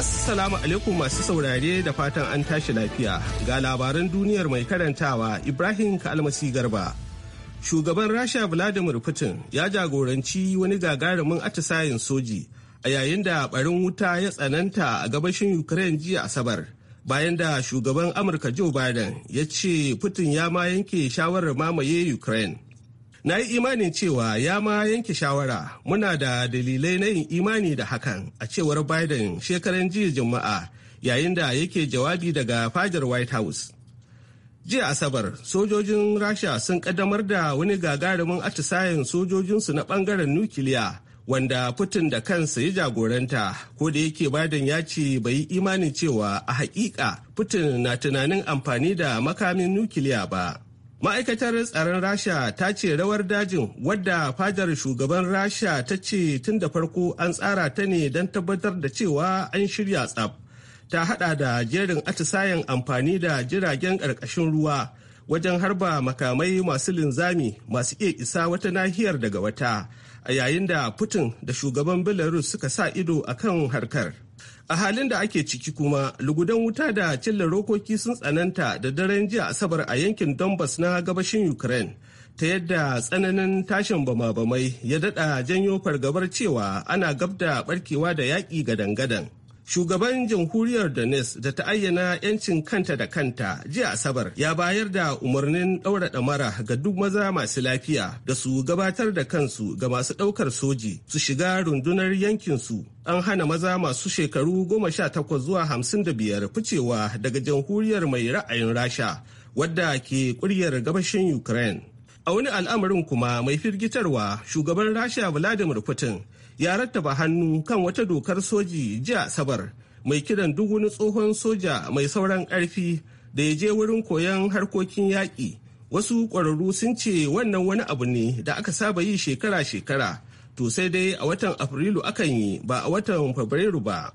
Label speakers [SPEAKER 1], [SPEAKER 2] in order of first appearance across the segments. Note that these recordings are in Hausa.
[SPEAKER 1] Assalamu alaikum masu saurare da fatan an tashi lafiya ga labaran duniyar mai karantawa Ibrahim Kalmasi Garba. Shugaban Rasha Vladimir Putin ya jagoranci wani gagarumin atisayen soji a yayin da barin wuta ya tsananta a gabashin Ukraine jiya Asabar. Bayan da shugaban Amurka Joe Biden ya ce Putin ya ma yanke shawarar mamaye Ukraine. na yi imanin cewa ya ma yanke shawara muna da dalilai na yin imani da hakan a cewar biden shekaran jiya juma'a yayin da yake jawabi daga fajar white house jiya asabar sojojin rasha sun kaddamar da wani gagarumin atisayen sojojinsu na ɓangaren nukiliya wanda putin da kansa ya jagoranta ko da yake biden ya ce bai yi imanin cewa a haƙiƙa putin na tunanin amfani da makamin nukiliya ba ma'aikatar tsaron rasha ta ce rawar dajin wadda fadar shugaban rasha ta ce tun da farko an tsara ta ne don tabbatar da cewa an shirya tsab ta hada da jerin atisayen amfani da jiragen ƙarƙashin ruwa wajen harba makamai masu linzami masu iya isa wata nahiyar daga wata a yayin da putin da shugaban belarus suka sa ido a kan harkar a halin da ake ciki kuma lugudan wuta da cilla rokoki sun tsananta da daren jiya asabar a yankin donbass na gabashin ukraine ta yadda tsananin tashin bama-bamai ya daɗa janyo fargabar cewa ana gab da barkewa da yaƙi gadan-gadan Shugaban jamhuriyar Danes da ta ayyana 'yancin kanta da kanta jiya Asabar ya bayar da umarnin ɗaura ɗamara ga duk maza masu lafiya da su gabatar da kansu ga masu ɗaukar soji su shiga rundunar yankinsu. An hana maza masu shekaru goma sha takwas zuwa hamsin da biyar ficewa daga jamhuriyar mai ra'ayin Rasha wadda ke ƙuryar gabashin Ukraine. A wani al'amarin kuma mai firgitarwa shugaban Rasha Vladimir Putin ya rattaba hannu kan wata dokar soji jiya asabar mai kiran duk wani tsohon soja mai sauran ƙarfi da ya je wurin koyon harkokin yaƙi wasu ƙwararru sun ce wannan wani abu ne da aka saba yi shekara-shekara to sai dai a watan afrilu akan yi ba a watan fabrairu ba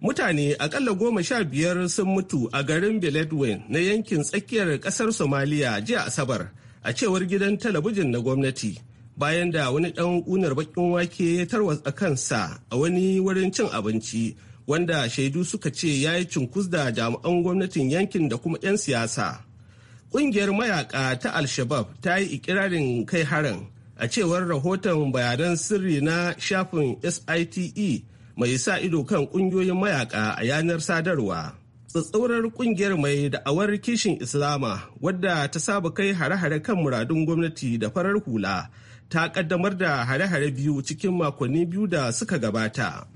[SPEAKER 1] mutane akalla goma sha biyar sun mutu a garin beledwin na yankin tsakiyar ƙasar somaliya jiya asabar a cewar gidan talabijin na gwamnati bayan da wani ɗan unar baƙin wake ya tarwatsa kansa a wani wurin cin abinci wanda shaidu suka ce ya yi cunkus da jami'an gwamnatin yankin da kuma 'yan siyasa. Ƙungiyar mayaka ta Al-Shabab ta yi ikirarin kai harin a cewar rahoton bayanan sirri na shafin SITE mai sa ido kan ƙungiyoyin mayaka a yanar sadarwa. tsatsaurar ƙungiyar mai da'awar kishin islama wadda ta saba kai hare-hare kan muradun gwamnati da farar hula ta kaddamar da hare-hare biyu cikin makonni biyu da suka gabata.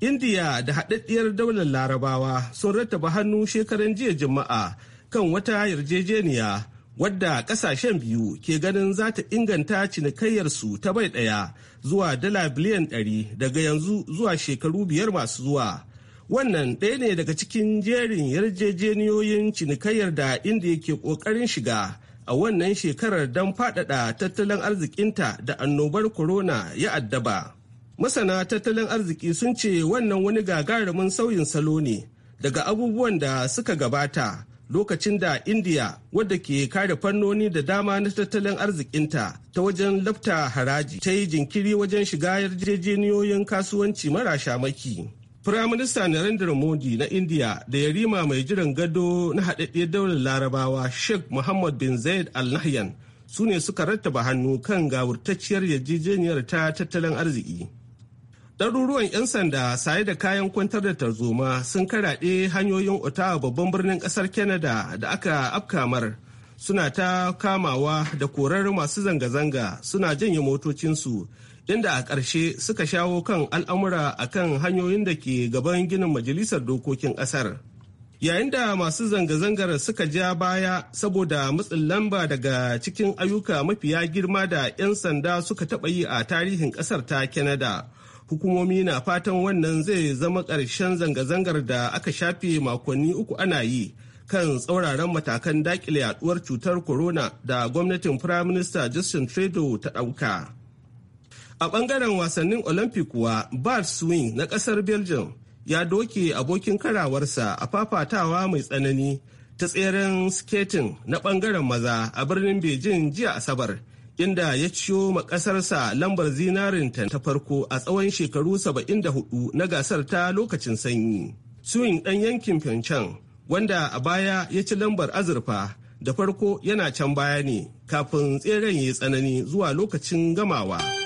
[SPEAKER 1] Indiya da haɗaɗɗiyar daular larabawa sun rattaba hannu shekaran jiya juma'a kan wata yarjejeniya wadda ƙasashen biyu ke ganin za ta inganta cinikayyarsu ta bai ɗaya zuwa dala biliyan ɗari daga yanzu zuwa shekaru biyar masu zuwa. wannan ɗaya ne daga cikin jerin yarjejeniyoyin cinikayyar da indiya ke ƙoƙarin shiga a wannan shekarar don faɗaɗa tattalin arzikinta da annobar corona ya addaba. Masana tattalin arziki sun ce wannan wani gagarumin sauyin salo ne daga abubuwan da suka gabata lokacin da Indiya wadda ke kare fannoni da dama na tattalin arzikinta ta wajen lafta haraji ta yi jinkiri wajen shiga yarjejeniyoyin kasuwanci mara shamaki. Firaminista Narendra Modi na India da yarima mai jiran gado na haɗaɗɗiyar daular larabawa Sheikh Muhammad bin Zayed Al Nahyan su ne suka rattaba hannu kan gawurtacciyar yarjejeniyar ta tattalin arziki. Ɗaruruwan 'yan sanda saye da kayan kwantar da tarzoma sun karaɗe hanyoyin Ottawa babban birnin ƙasar Canada da aka afkamar suna ta kamawa da korar masu zanga-zanga suna janye motocinsu inda a ƙarshe suka shawo kan al'amura a kan hanyoyin da ke gaban ginin majalisar dokokin ƙasar. yayin da masu zanga-zangar suka ja baya saboda matsin lamba daga cikin ayyuka mafiya girma da 'yan sanda suka taɓa yi a tarihin ƙasar ta canada hukumomi na fatan wannan zai zama ƙarshen zanga-zangar da aka shafe makonni uku ana yi kan tsauraran matakan daƙile yaduwar cutar corona da gwamnatin firaminista justin trudeau ta ɗauka A bangaren wasannin Olympic wa, Bart Swing na ƙasar Belgium ya doke abokin karawarsa a fafatawa mai tsanani ta tseren skating na Bangaren maza a birnin Beijing jiya Asabar, inda ya ciyo ma ƙasarsa lambar zinarin ta farko a tsawon shekaru 74 na gasar ta lokacin sanyi. Swing ɗan yankin Pyeongchang, wanda a baya ya ci lambar azurfa da farko yana can baya ne kafin tseren ya tsanani zuwa lokacin gamawa.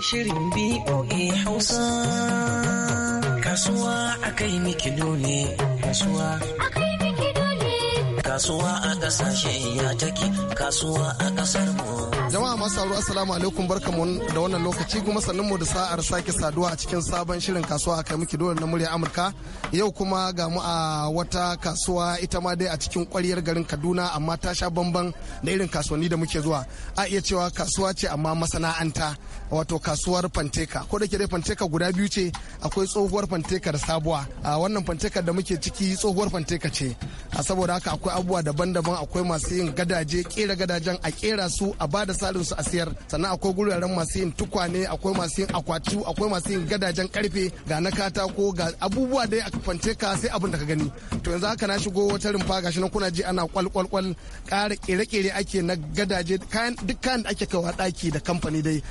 [SPEAKER 2] shirin BOA Hausa. Kasuwa a kai miki dole, kasuwa. Kasuwa a kasashen ya take, kasuwa a kasar mu.
[SPEAKER 3] Jama'a masu sauraro assalamu alaikum barkamu da wannan lokaci kuma sannan mu da sa'ar sake saduwa a cikin sabon shirin kasuwa a kai muke dole na murya Amurka. Yau kuma ga mu a wata kasuwa ita ma dai a cikin kwaryar garin Kaduna amma ta sha bamban da irin kasuwanni da muke zuwa. A iya cewa kasuwa ce amma masana'anta wato kasuwar Fanteka. Ko da ke dai Fanteka guda biyu ce akwai tsohuwar Fanteka da sabuwa. A wannan fantekar da muke ciki tsohuwar Fanteka ce. A saboda haka akwai abubuwa daban-daban akwai masu yin gadaje kera gadajen a kera su a bada misalin su a siyar sannan akwai guraren masu yin tukwane akwai masu yin akwati akwai masu yin gadajen karfe ga na katako ga abubuwa dai aka fance ka sai abin da ka gani to yanzu haka na shigo wata rumfa gashi na kuna ji ana kwalkwalkwal ƙara kere-kere ake na gadaje kayan duk kayan da ake kaiwa daki da kamfani dai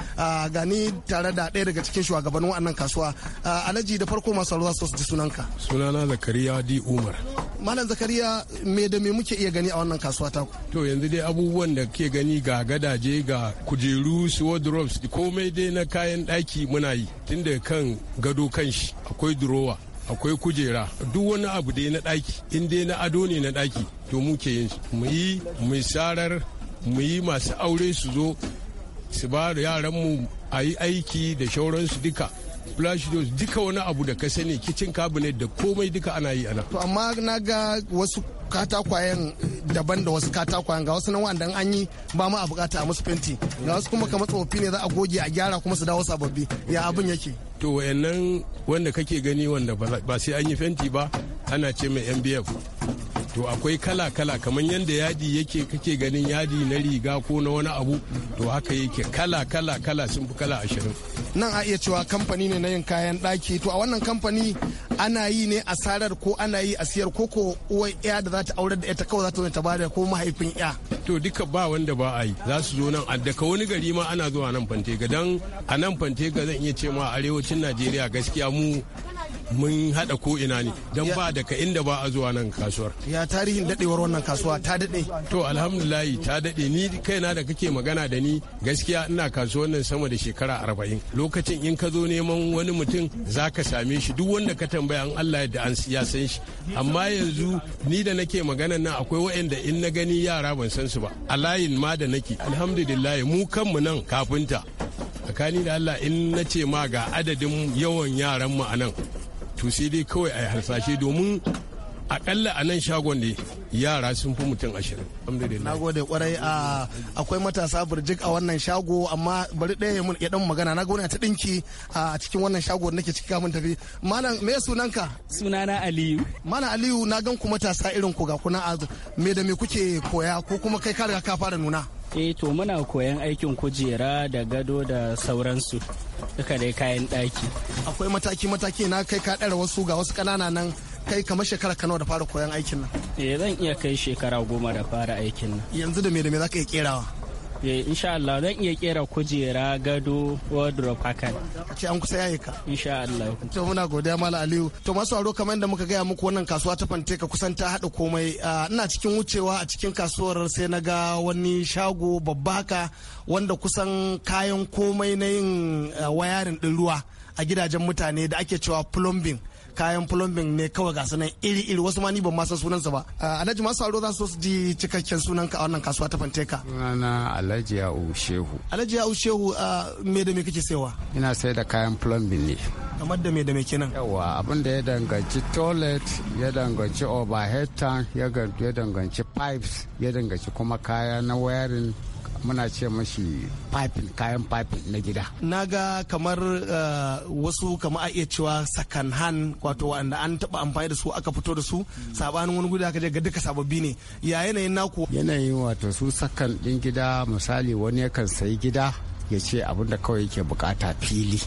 [SPEAKER 3] gani tare da ɗaya daga cikin shugabannin wannan kasuwa alhaji da farko masu ruwa su ji sunanka
[SPEAKER 4] sunana zakariya di umar
[SPEAKER 3] malam zakariya me da me muke iya gani a wannan kasuwa ta
[SPEAKER 4] to yanzu dai abubuwan da ke gani ga gadaje ga kujeru su wardrobes komai dai na kayan ɗaki muna yi tun da kan gado kanshi akwai durowa akwai kujera duk wani abu dai na ɗaki in dai na ado ne na ɗaki to muke yin mu yi mu sarar mu yi masu aure su zo su ba da yaranmu a yi aiki da shauransu duka flash duka wani abu da ka sani kicin cabinet da komai duka ana yi ana.
[SPEAKER 3] amma na ga wasu katakwayen daban da wasu katakwayen ga wasu nan wanda an yi ba ma a bukata a musu fenti ga wasu kuma kamar tsofi ne za a goge a gyara kuma su dawo sababbi ya abin yake.
[SPEAKER 4] To wayannan wanda kake gani wanda ba sai an yi fenti ba ana ce mai MBF to akwai kala-kala kamar yadda yadi yake kake ganin yadi na riga ko na wani abu to haka yake kala-kala kala sun fi kala ashirin
[SPEAKER 3] nan a iya cewa kamfani ne na yin kayan ɗaki to a wannan kamfani ana yi ne a sarar ko ana yi a siyar ko ko uwar ya da za ta aurar da ita kawai za ta ta bada ko mahaifin ya
[SPEAKER 4] to duka ba wanda ba a yi za su zo nan daga wani gari ma ana zuwa nan fantega dan a nan fantega zan iya ce ma arewacin najeriya gaskiya mu mun haɗa ko ina ne don ba daga inda ba a zuwa nan kasuwar
[SPEAKER 3] ya tarihin dadewar wannan kasuwa ta dade to
[SPEAKER 4] alhamdulahi ta daɗe ni kaina da kake magana da ni gaskiya ina kasuwar nan sama da shekara arba'in lokacin in ka zo neman wani mutum za ka same shi duk wanda ka tambaya an allah yadda an ya san shi amma yanzu ni da nake magana nan akwai waɗanda in na gani yara ban san su ba a layin ma da nake alhamdulillah mu kanmu nan kafinta tsakani da allah in na ce ma ga adadin yawan yaran mu a to sai dai kawai a yi harsashe domin akalla a nan shagon ne yara sun fi mutum ashirin na
[SPEAKER 3] gode kwarai a akwai matasa burjik a wannan shago amma bari ɗaya ya dan magana na gode ta ɗinki a cikin wannan shago da nake ciki kamun tafi malam me sunanka sunana aliyu malam aliyu na gan ku matasa irin ku ga kuna me da me kuke koya ko kuma kai ka riga ka fara nuna
[SPEAKER 5] eh to muna koyan aikin kujera da gado da sauransu duka dai kayan daki. akwai
[SPEAKER 3] mataki mataki na kai ka ɗara wasu ga wasu kanana nan kai kamar shekara kano da fara koyan aikin nan eh zan iya kai shekara goma da fara aikin nan yanzu da me da me za ka iya kerawa Eh, insha Allah zan iya kera kujera gado wardrobe ne a ce an kusa yayi ka insha Allah to muna godiya mala Aliyu to masu aro kamar yadda muka gaya muku wannan kasuwa ta fante ka kusan ta hada komai ah, ina cikin wucewa a cikin kasuwar sai na ga wani shago babba haka wanda kusan kayan komai na yin ah, wayarin din ruwa a gidajen mutane da ake cewa plumbing kayan plumbing ne kawai ga sunan iri iri wasu ma ni ban ma san sa ba ah, alhaji masu aro za su su ji cikakken sunan ka a wannan kasuwa ta fanteka
[SPEAKER 6] sunana alhaji ya'u shehu
[SPEAKER 3] alhaji ya'u shehu ah, me da me kake sayawa
[SPEAKER 6] ina sayar da kayan plumbing ne kamar da me da me kenan yawa abin da ya danganci toilet ya danganci overhead tank ya danganci pipes ya danganci kuma kaya na wayarin muna ce mashi pipin kayan pipin na gida
[SPEAKER 3] na ga kamar eh, wasu kamar a iya cewa second hand wato wanda an taba amfani da su aka fito da su sabanin wani guda ka je ga duka sababbi ne
[SPEAKER 6] ya yanayin naku yanayin wato su sakan din gida misali wani yakan sayi gida ya ce abinda kawai yake bukata fili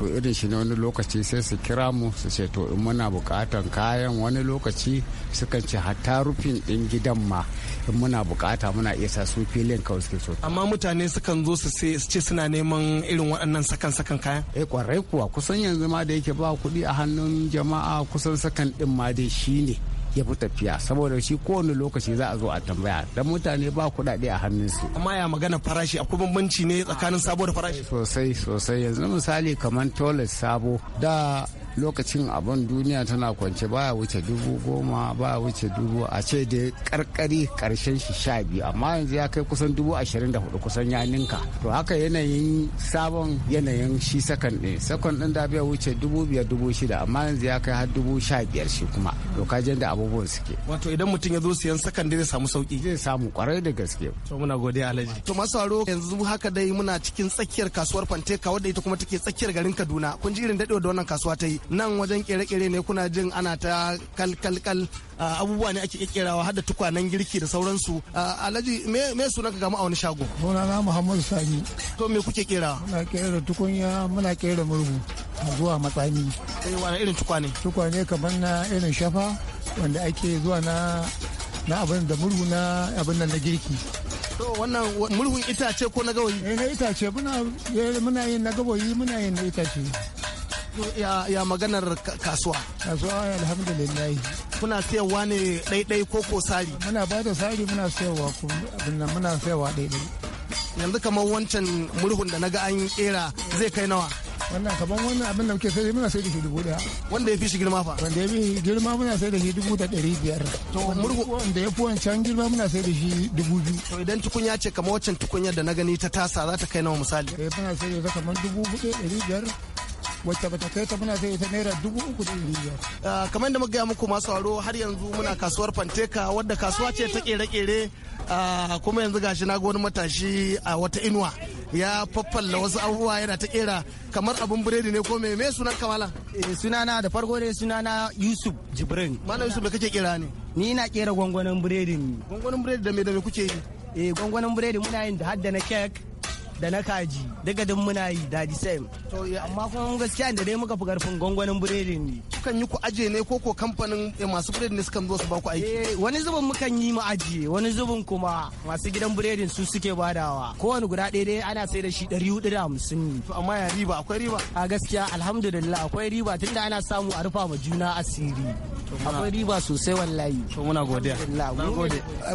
[SPEAKER 6] to irin shi ne wani lokaci sai su kira mu su ce to in muna bukatan kayan wani lokaci sukan ce hatta rufin din gidan ma in muna bukata muna iya sa su filin kawai suke so
[SPEAKER 3] amma mutane sukan zo su ce suna neman irin waɗannan sakan sakan kayan eh kwarai kuwa kusan yanzu
[SPEAKER 6] ma da yake ba kuɗi a hannun jama'a kusan sakan din ma dai shine ya fi tafiya saboda shi kowane lokaci za a zo a tambaya dan mutane ba kuɗaɗe a hannunsu.
[SPEAKER 3] amma ya magana farashi akwai bambanci ne tsakanin sabo da farashi sosai sosai yanzu
[SPEAKER 6] misali kamar toilet sabo da lokacin abin duniya tana kwance baya wuce dubu goma baya wuce dubu a ce da karkari karshen shi sha biyu amma yanzu ya kai kusan dubu ashirin da hudu kusan ya ninka to haka yanayin sabon yanayin shi sakan ɗin sakan ɗin da biya wuce dubu biyar dubu shida amma yanzu ya kai har dubu sha biyar shi kuma to jan da abubuwan suke
[SPEAKER 3] wato idan mutum ya zo siyan sakan zai samu sauki zai samu kwarai da gaske to muna godiya alhaji to masu yanzu haka dai muna cikin tsakiyar kasuwar fanteka wadda ita kuma take tsakiyar garin kaduna kun ji irin daɗewa da wannan kasuwa ta yi nan wajen kere-kere ne kuna jin ana ta kalkalkal abubuwa ne ake kerawa har da tukwanen girki da sauransu alhaji me sunan ka gama a wani shago sunana muhammadu sani to me kuke kerawa muna kera tukunya muna kera murhu zuwa matsani eh wani irin tukwane tukwane kamar na irin shafa wanda ake zuwa na na abin da murhu na abin nan na girki to wannan murhun itace ko na gawayi eh na itace muna eh, muna yin na gawayi muna yin na itace ya maganar kasuwa kasuwa alhamdulillah kuna sayarwa ne ɗaiɗai ko ko sari muna ba da sari muna sayarwa abin muna sayarwa ɗaiɗai yanzu kamar wancan murhun da naga an kera zai kai nawa wannan kaman wannan abin da muke sai muna sai da shi dubu daya wanda ya fi shi girma fa wanda ya fi girma muna sai da shi dubu da ɗari biyar to murhu wanda ya fi wancan girma muna sai da shi dubu biyu to idan tukunya ce kamar waccan tukunyar da na gani ta tasa za ta kai nawa misali eh muna sai da kamar dubu hudu ɗari biyar wacce bata kai ta muna zai ta naira dubu uku da yi biyar. Ah, kamar yadda muka gaya muku masu aro har yanzu muna kasuwar fanteka wadda kasuwa ce ta kere-kere ah, kuma yanzu gashi na wani matashi a wata inuwa ya faffalla wasu abubuwa yana ta kera kamar abin biredi ne ko me me sunan kamala eh, sunana da farko ne sunana yusuf jibrin malam yusuf da kake kera ne ni na kera gwangwanin biredi ne gwangwanin biredi da me da me kuke yi eh gwangwanin biredi muna yin da hadda na kek da na kaji daga duk muna yi da the same to amma kuma gaskiya da dai muka fi karfin gwangwanin biredi ne kukan yi ku aje ne ko ko kamfanin eh, masu biredi ne sukan zo su ba ku aiki eh, wani zubin mukan yi mu aje wani zubin kuma masu gidan biredin su suke badawa kowane guda ɗaya dai ana sai da shi ɗari hudu da hamsin to amma ya riba akwai riba a gaskiya alhamdulillah akwai riba tunda ana samu a rufa ma juna asiri akwai riba sosai wallahi to muna godiya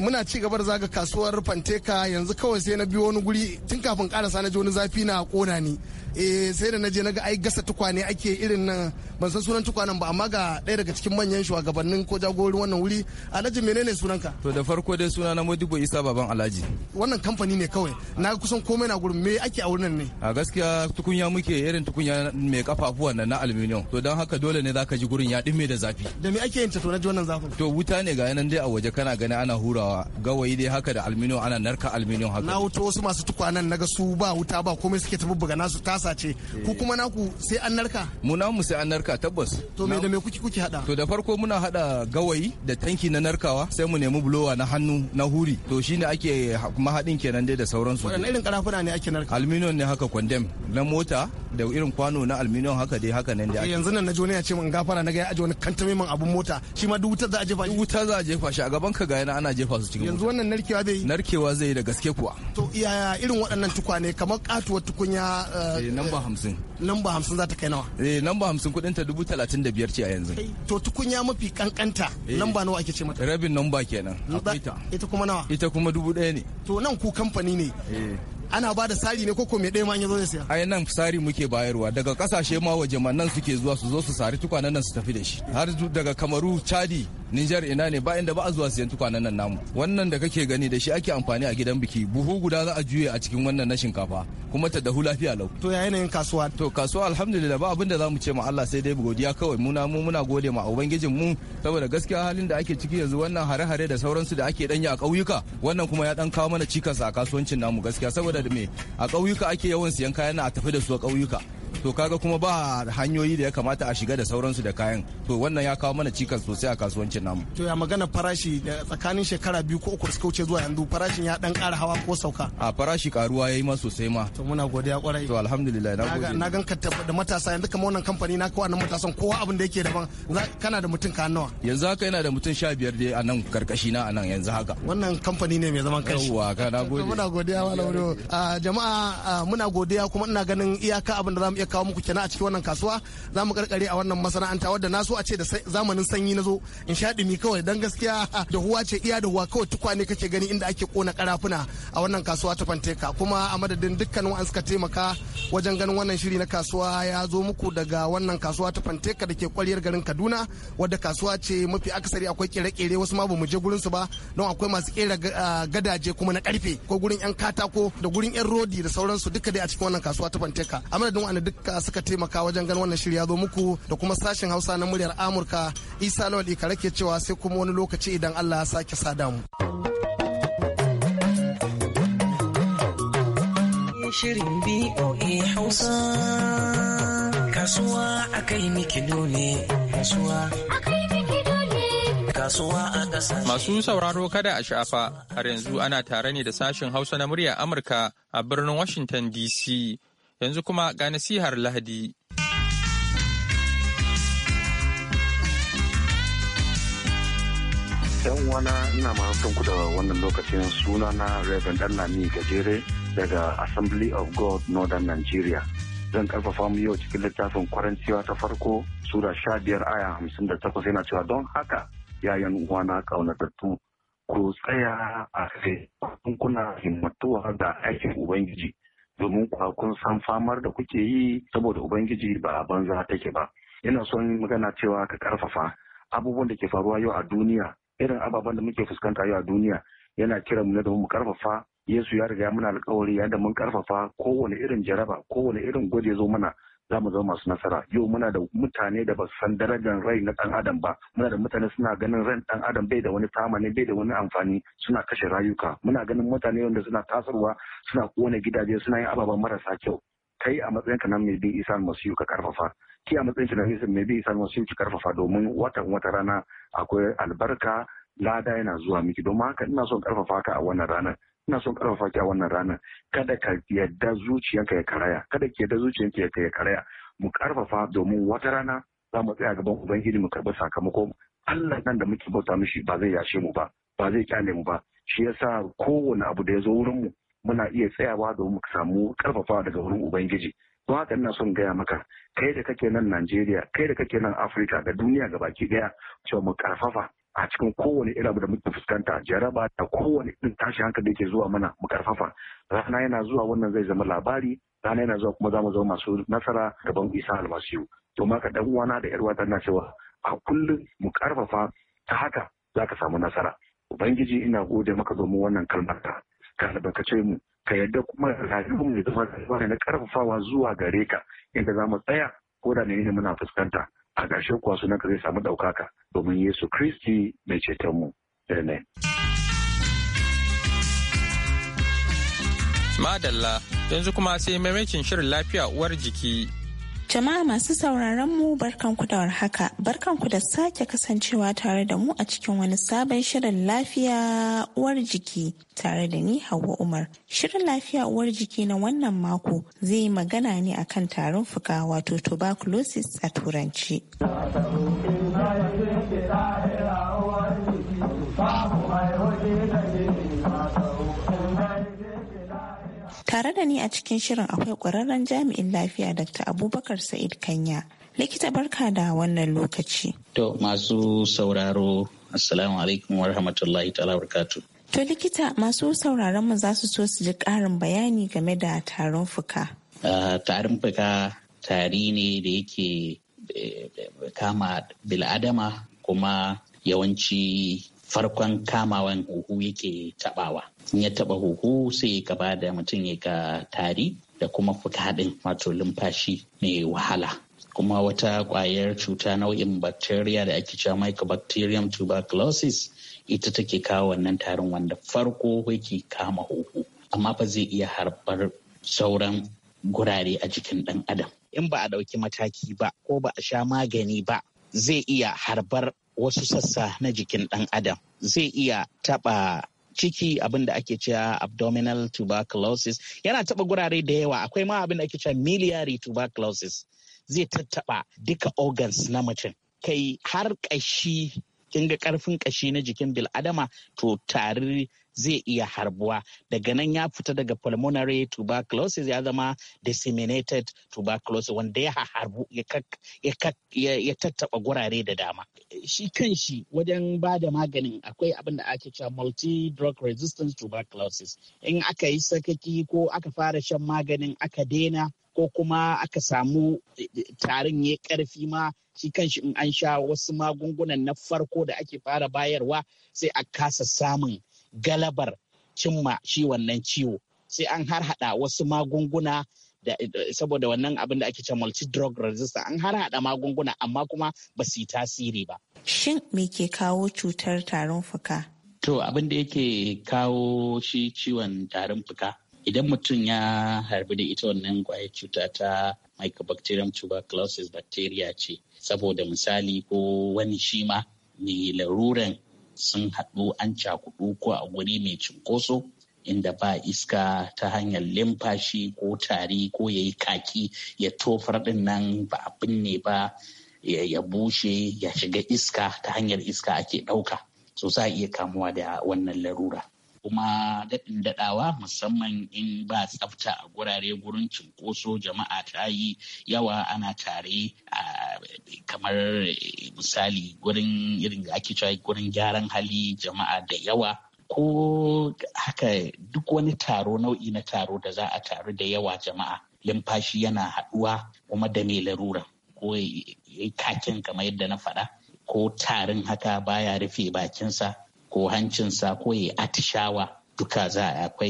[SPEAKER 3] muna ci gaba da zaga kasuwar fanteka yanzu kawai sai na biyo wani guri tun kafin karasa na ji wani zafi kofi na kona ni eh sai da naje naga ai gasa tukwane ake irin nan ban san sunan tukwanen ba amma ga ɗaya daga cikin manyan shugabannin ko jagorin wannan wuri alhaji menene sunanka
[SPEAKER 7] to da farko dai suna na modibo isa baban alhaji
[SPEAKER 3] wannan kamfani ne kawai na kusan komai na gurin me ake a wurin ne
[SPEAKER 7] a gaskiya tukunya muke irin tukunya mai kafafuwan nan na aluminium to dan haka dole ne zaka ji gurin ya dimme da zafi da me ake yin ta to na ji wannan zafin to wuta ne ga yanan dai a waje kana gani ana hurawa gawayi dai haka da aluminium ana narka aluminium haka na wuta wasu masu tukwanen naga su ba wuta ba komai suke ta bubbuga nasu tasa ce ku eh.
[SPEAKER 3] kuma naku sai an narka
[SPEAKER 7] mu namu sai an narka tabbas to me da me kuke kuke hada to da farko muna hada gawayi da tanki na narkawa sai mu nemi blower na hannu na huri to shine ake mahadin kenan dai da sauransu wannan irin karafuna ne ake narka aluminium ne haka condem. na mota da irin kwano na aluminium haka dai haka nan dai
[SPEAKER 3] yanzu nan na jone ya ce min gafara na ga ya aje wani kantame min abun mota
[SPEAKER 7] shi ma duk wutar za a jefa shi wutar za a jefa shi a gaban ka ga yana ana jefa su cikin yanzu wannan narkewa zai narkewa zai da gaske kuwa
[SPEAKER 3] to iyaya irin waɗannan tukwane kamar katuwa sabuwar tukunya eh, eh, namba
[SPEAKER 7] hamsin namba hamsin za ta kai nawa eh namba hamsin kudin ta dubu talatin da biyar ce a yanzu to tukunya mafi kankanta eh. namba nawa ake ce mata rabin namba kenan akwai ita kuma nawa ita kuma dubu ɗaya ne to nan ku kamfani ne ana ba da sari ne ko mai ɗaya ma ya zo zai siya ai nan sari muke bayarwa daga kasashe ma waje nan suke zuwa su zo su sari tukwanan nan su tafi da shi har daga kamaru chadi Nijar ina ne ba da ba a zuwa siyan tukwanen nan namu. Wannan da kake gani da shi ake amfani a gidan biki buhu guda za a juye a cikin wannan na shinkafa kuma ta dahu lafiya lau. To ya yanayin kasuwa? To kasuwa alhamdulillah ba abin da za mu ce ma Allah sai dai godiya kawai muna mu muna gode ma ubangijin mu saboda gaskiya halin da ake ciki yanzu wannan hare-hare da sauransu da ake danya a ƙauyuka wannan kuma ya dan kawo mana cikas a kasuwancin namu gaskiya saboda me a ƙauyuka ake yawan siyan kayan a tafi da su a ƙauyuka. to kaga kuma ba hanyoyi da ya kamata a shiga da sauransu da kayan to wannan ya kawo mana cikas sosai a kasuwancin namu
[SPEAKER 3] to ya magana farashi da tsakanin shekara biyu ko uku suka wuce zuwa yanzu farashin ya dan ƙara hawa ko sauka
[SPEAKER 7] a farashi karuwa yayi ma sosai ma to muna godiya kwarai to alhamdulillah na gode na
[SPEAKER 3] ganka da matasa yanzu kamar wannan kamfani na kowa nan matasan kowa abin da yake daban kana da mutum ka nawa
[SPEAKER 7] yanzu haka yana da mutum sha biyar dai a nan karkashi na a nan yanzu haka wannan kamfani ne mai zaman kanshi yauwa ka na gode muna godiya malam
[SPEAKER 3] ah, jama'a ah, muna godiya kuma ina ganin iyaka abin da zamu iya iya kawo muku kenan a cikin wannan kasuwa za mu karkare a wannan masana'anta wadda na so a ce da zamanin sanyi na zo in sha dumi kawai dan gaskiya da huwa ce iya da huwa kawai tukwane kake gani inda ake kona karafuna a wannan kasuwa ta fanteka kuma a madadin dukkan wa'an suka taimaka wajen ganin wannan shiri na kasuwa ya zo muku daga wannan kasuwa ta fanteka da ke kwaryar garin kaduna wadda kasuwa ce mafi akasari akwai kere-kere wasu ma ba mu je gurin su ba don akwai masu kera ah, gadaje kuma na karfe ko gurin yan katako da gurin yan rodi da sauransu duka dai a cikin wannan kasuwa ta fanteka a madadin duka suka taimaka wajen gan wannan shirya zo muku da kuma sashen hausa na muryar amurka isa lawal ikare ke cewa sai kuma wani lokaci idan allah ya sake sada mu.
[SPEAKER 2] shirin BOA Hausa. Kasuwa a kai dole, kasuwa.
[SPEAKER 8] Masu sauraro kada a shafa, har yanzu ana tare ne da sashin Hausa na murya Amurka a birnin Washington DC. yanzu kuma ga nasihar Lahadi.
[SPEAKER 9] yan wana ina mahaifin ku da wannan lokacin suna na Reverend Danlami Gajere daga Assembly of God Northern Nigeria. Zan karfafa mu yau cikin littafin kwarantiyar ta farko Sura sha biyar aya hamsin da takwas yana cewa don haka yayan uwana kaunatattu ku tsaya a kai kuna himmatuwa da aikin Ubangiji domin kun san famar da kuke yi saboda ubangiji ba a banza take ba ina son magana cewa ka karfafa abubuwan da ke faruwa yau a duniya irin ababen da muke fuskanta yau a duniya yana kira mu da mu karfafa Yesu ya riga muna alkawari ya da mun karfafa kowane irin jaraba kowane irin gwaje zo mana za mu zama masu nasara yau muna da mutane da ba su san darajar rai na dan adam ba muna da mutane suna ganin ran dan adam bai da wani tamani bai da wani amfani suna kashe rayuka muna ganin mutane wanda suna tasarwa suna kone gidaje suna yin ababen marasa kyau kai a matsayin ka nan mai bi isa masu ka karfafa ki a matsayin ka nan mai bi isa masu ki karfafa domin watan wata rana akwai albarka lada yana zuwa miki don haka ina son karfafa ka a wannan ranar ina son karfafa ki a wannan ranar kada ka yadda zuciyanka ya karaya kada ki yadda zuciyanka ya karaya mu karfafa domin wata rana za mu tsaya gaban ubangiji mu karɓi sakamako Allah nan da muke bauta mishi ba zai yashe mu ba ba zai kyale mu ba shi yasa kowane abu da ya zo wurin mu muna iya tsayawa domin mu samu karfafawa daga wurin ubangiji don haka ina son gaya maka kai da kake nan Najeriya kai da kake nan Afirka da duniya gabaki baki daya cewa mu karfafa a cikin kowane irin abu da muke fuskanta jaraba da kowane irin tashi hankali yake zuwa mana mu karfafa rana yana zuwa wannan zai zama labari rana yana zuwa kuma zamu zama masu nasara gaban isa almasiyu to ka dan uwana da yar uwata na cewa a kullum mu karfafa ta haka za ka samu nasara ubangiji ina gode maka domin wannan kalmar ta ka albarkace mu ka yarda kuma rayuwar mu ya zama na karfafawa zuwa gare ka inda za mu tsaya ko da ne muna fuskanta a ƙarshen kuwa ka zai samu ɗaukaka domin Yesu Kristi mai cetonmu.
[SPEAKER 8] Amen. Madalla yanzu kuma sai maimakin shirin lafiya uwar jiki
[SPEAKER 2] Jama'a masu sauraron mu barkanku da warhaka, barkanku da sake kasancewa tare da mu a cikin wani sabon shirin lafiya uwar jiki tare da ni Hauwa Umar. Shirin lafiya uwar jiki na wannan mako zai yi magana ne akan tarin fuka wato tuberculosis a turanci. Tare da ni a cikin shirin akwai ƙwararren jami'in lafiya Dr. Abubakar Sa'id Kanya. Likita barka da wannan lokaci.
[SPEAKER 5] To masu sauraro, Assalamu alaikum wa rahmatullahi ta'ala barkatu.
[SPEAKER 2] To likita masu sauraron mu za su so su ji ƙarin bayani game da tarin fuka.
[SPEAKER 5] Ah, tarin fuka tari ne da yake eh, kama bil'adama kuma yawanci farkon kamawan huhu yake taɓawa. in ya taba huhu sai gaba da mutum ya ga tari da kuma fukadin wato lumfashi mai wahala kuma wata kwayar cuta nau'in bacteria da ake cewa mycobacterium tuberculosis ita take kawo wannan tarin wanda farko yake kama huhu amma ba zai iya harbar sauran gurare a jikin ɗan adam in ba a ɗauki mataki ba ko ba a sha magani ba zai iya harbar wasu sassa na jikin ɗan adam zai iya taɓa ciki abin da ake cewa abdominal tuberculosis yana taɓa gurare da yawa akwai ma abin da ake cewa miliary tuberculosis zai tattaɓa duka organs na mutum kai har kashi kinga ƙarfin kashi na jikin bil adama to tari zai iya harbuwa daga nan ya fita daga pulmonary tuberculosis ya zama disseminated tuberculosis wanda ya harbu ya tattaba gurare da dama shi kan shi wajen ba da maganin akwai abin da ake cewa multi drug resistance tuberculosis in aka yi sakaki ko aka fara shan maganin aka daina ko kuma aka samu eh, tarin ya karfi ma shi kanshi in an sha wasu magungunan na farko da ake fara bayarwa sai a kasa samun galabar cimma shi wannan ciwo sai an har harhaɗa wasu magunguna saboda wannan abin da ake ce multi drug resistant an har harhaɗa magunguna amma kuma ba su yi tasiri ba.
[SPEAKER 2] Shin me ke kawo cutar tarin fuka?
[SPEAKER 5] To abin da yake kawo shi ciwon tarin fuka idan mutum ya harbi da ita wannan kwayar cuta ta mycobacterium tuberculosis bacteria ce saboda misali ko wani shima ma mai laruran sun haɗu an cakuɗu ko a guri mai cunkoso, inda ba iska ta hanyar limfashi ko tari ko ya yi kaki ya tofar ɗin nan ba a binne ba ya bushe ya shiga iska ta hanyar iska ake ɗauka so za a iya kamuwa da wannan larura kuma daɗin daɗawa musamman in ba tsafta a gurare gurin cinkoso jama'a ta yi yawa ana tare a kamar eh, misali gurin irin da ake cewa gurin gyaran hali jama'a da yawa ko haka duk wani taro nau'i na taro da za a taru da yawa jama'a limfashi yana haɗuwa kuma da mai larura ko kakin kamar yadda na faɗa ko tarin haka baya rufe bakinsa ko hancinsa ko ya atishawa duka za a za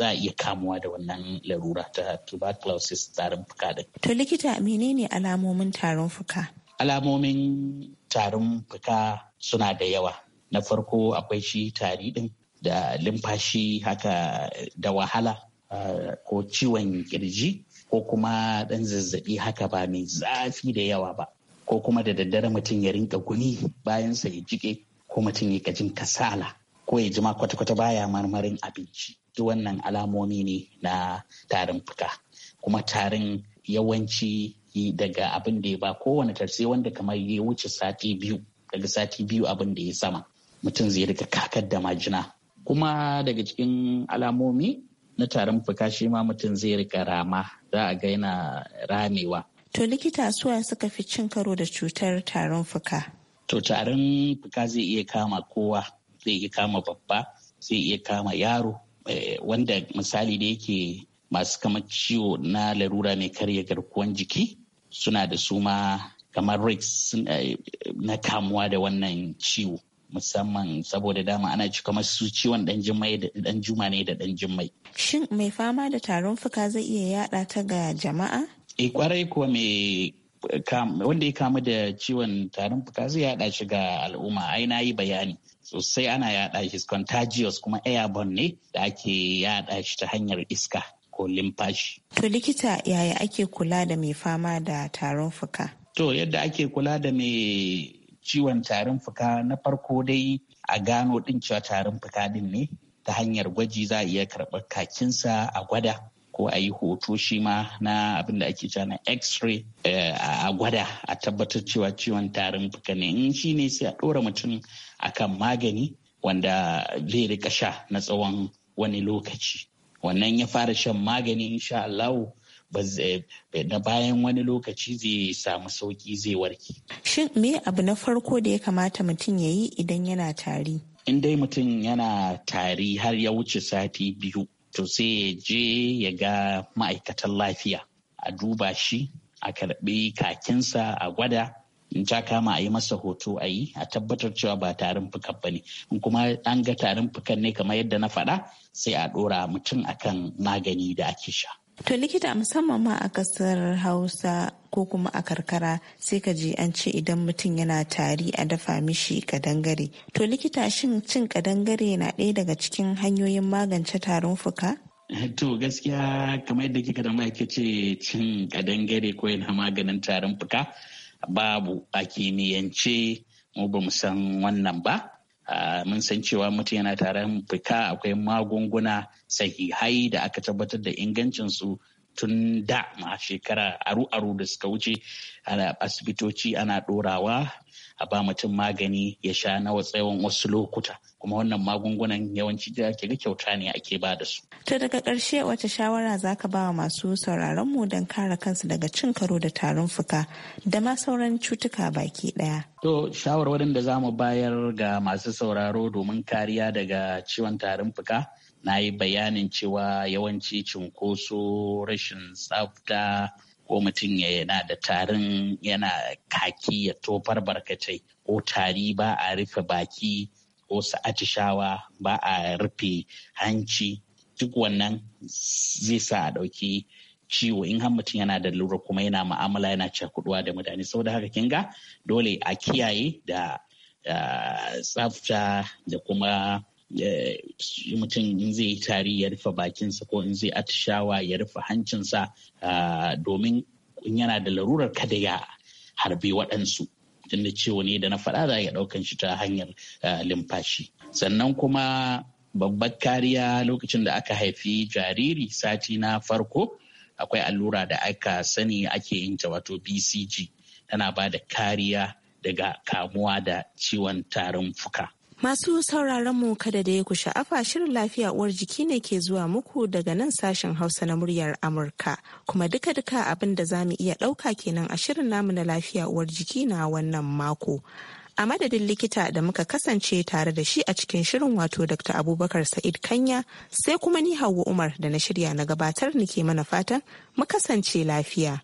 [SPEAKER 5] a iya kamuwa da wannan larura ta tuberculosis tarin fuka din.
[SPEAKER 2] To likita menene alamomin tarin fuka?
[SPEAKER 5] Alamomin tarin fuka suna da yawa. Na farko akwai shi tari din da limfashi haka da wahala uh, ko ciwon kirji ko kuma ɗan zazzaɓi haka ba mai zafi da yawa ba ko kuma da daddare mutum ya rinka guni bayan sa ya jike ko mutum ya jin kasala ko ya jima kwata-kwata baya marmarin abinci duk wannan alamomi ne na tarin fuka kuma tarin yawanci daga abin da ya ba kowane tarsi wanda kamar ya wuce sati biyu daga sati biyu abin da ya sama mutum zai rika kakar da majina kuma daga cikin alamomi na tarin fuka shi ma mutum zai rika rama za a ga yana ramewa
[SPEAKER 2] to likita suwa suka fi cin karo da cutar tarin fuka
[SPEAKER 5] to tarin fuka zai iya kama kowa zai iya kama babba zai iya kama yaro eh, wanda misali da yake masu kamar ciwo na larura mai karya garkuwan jiki suna da suma, ma kamar risk eh, na kamuwa da wannan ciwo musamman saboda dama ana kamar su ciwon dan juma ne da dan jimai.
[SPEAKER 2] Shin mai fama da tarin fuka zai iya yada ta ga jama'a?
[SPEAKER 5] E eh, kwarai kuwa mai wanda ya kamu da ciwon tarin fuka zai yada shi ga al'umma ai na yi bayani sosai ana yaɗa shi contagious kuma airborne ne da ake yaɗa shi ta hanyar iska ko limfashi.
[SPEAKER 2] To likita yaya ake kula da mai fama da tarin fuka?
[SPEAKER 5] To yadda ake kula da mai ciwon tarin fuka na farko dai a gano din cewa tarin fuka din ne ta hanyar gwaji za a iya karɓar kakinsa a gwada ko a yi hoto shi ma na abin da ake cewa na x-ray eh, a gwada a tabbatar cewa ciwon tarin fuka ne in shi ne sai a ɗora mutum a kan magani wanda zai rika sha na tsawon wani lokaci wannan ya fara shan magani insha Allah na bayan wani lokaci zai samu sauki zai warke.
[SPEAKER 2] Shin me abu na farko da ya kamata mutum ya yi idan yana tari?
[SPEAKER 5] In dai mutum yana tari har ya wuce sati biyu to sai ya je ya ga ma'aikatan lafiya a duba shi a karɓi kakinsa a gwada in ta kama a yi masa hoto a yi a tabbatar cewa ba tarin fukan ba ne in kuma an ga tarin fukan ne kamar yadda na faɗa sai a ɗora mutum akan magani da ake sha
[SPEAKER 2] To likita musamman ma a kasar Hausa ko kuma a karkara sai ka ji an ce idan mutum yana tari a dafa mishi kadangare. To likita shin cin kadangare na ɗaya daga cikin hanyoyin magance tarin fuka?
[SPEAKER 5] To gaskiya kamar yadda kika da ma'aike ce cin kadangare ko yana maganin tarin fuka babu a kimiyance mu ba san wannan ba. mun san cewa mutum yana taron fika akwai magunguna sahihai da aka tabbatar da ingancinsu tun da ma shekara aru-aru da suka wuce ana asibitoci ana ɗorawa a ba mutum magani ya sha nawa tsawon wasu lokuta kuma wannan magungunan yawanci da ke ga kyauta ne ake ba da su.
[SPEAKER 2] Ta daga ƙarshe wace shawara za ka ba wa masu sauraron mu don kare kansu daga cin karo da tarin fuka da ma sauran cutuka baki ɗaya.
[SPEAKER 5] To shawarwarin da za mu bayar ga masu sauraro domin kariya daga ciwon tarin fuka na yi bayanin cewa yawanci cunkoso rashin tsafta ko mutum yana da tarin yana kaki ya tofar barkatai ko tari ba a rufe baki ko su atishawa ba a rufe hanci duk wannan zai sa a ɗauki ciwo in har mutum yana da lura kuma yana ma'amala yana cakuduwa da mutane saboda haka kin ga dole a kiyaye da ah, tsafta da kuma mutum in zai yi tari ya rufe bakinsa ko in zai atishawa ya rufe hancinsa ah, domin in yana da larurar kada ya harbe waɗansu tunda ciwo ne da na faɗa za ya ɗaukan shi ta hanyar ah, limfashi sannan kuma babbar kariya lokacin da aka haifi jariri sati na farko akwai allura da aka sani ake yin ta wato bcg tana ba da kariya daga kamuwa da ciwon tarin fuka
[SPEAKER 2] Masu sauraron mu kada da ya ku sha'afa shirin lafiya uwar jiki ne ke zuwa muku daga nan sashen Hausa na muryar Amurka. Kuma duka-duka abin da za mu iya ɗauka kenan a shirin namu na lafiya uwar jiki na wannan mako. A madadin likita da muka kasance tare da shi a cikin shirin wato Dr. Abubakar Sa'id Kanya sai kuma ni Hauwa Umar da na shirya na gabatar ni ke mana fatan mu kasance lafiya.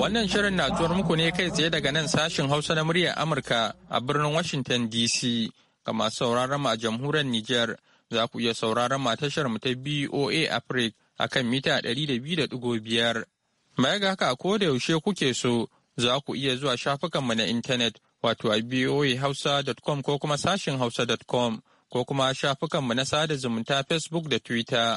[SPEAKER 8] Wannan shirin na zuwar muku ne kai tsaye daga nan sashin Hausa na muryar Amurka a birnin Washington DC. Ga masu sauraron mu a jamhuriyar Nijar za ku iya sauraron mu tashar mu ta BOA Africa a kan mita 200.5. Mai ga haka ko da yaushe kuke so za ku iya zuwa shafukan mu na intanet wato a BOA Hausa boahausa.com ko kuma sashin hausa.com ko kuma shafukan mu na sada zumunta Facebook da Twitter.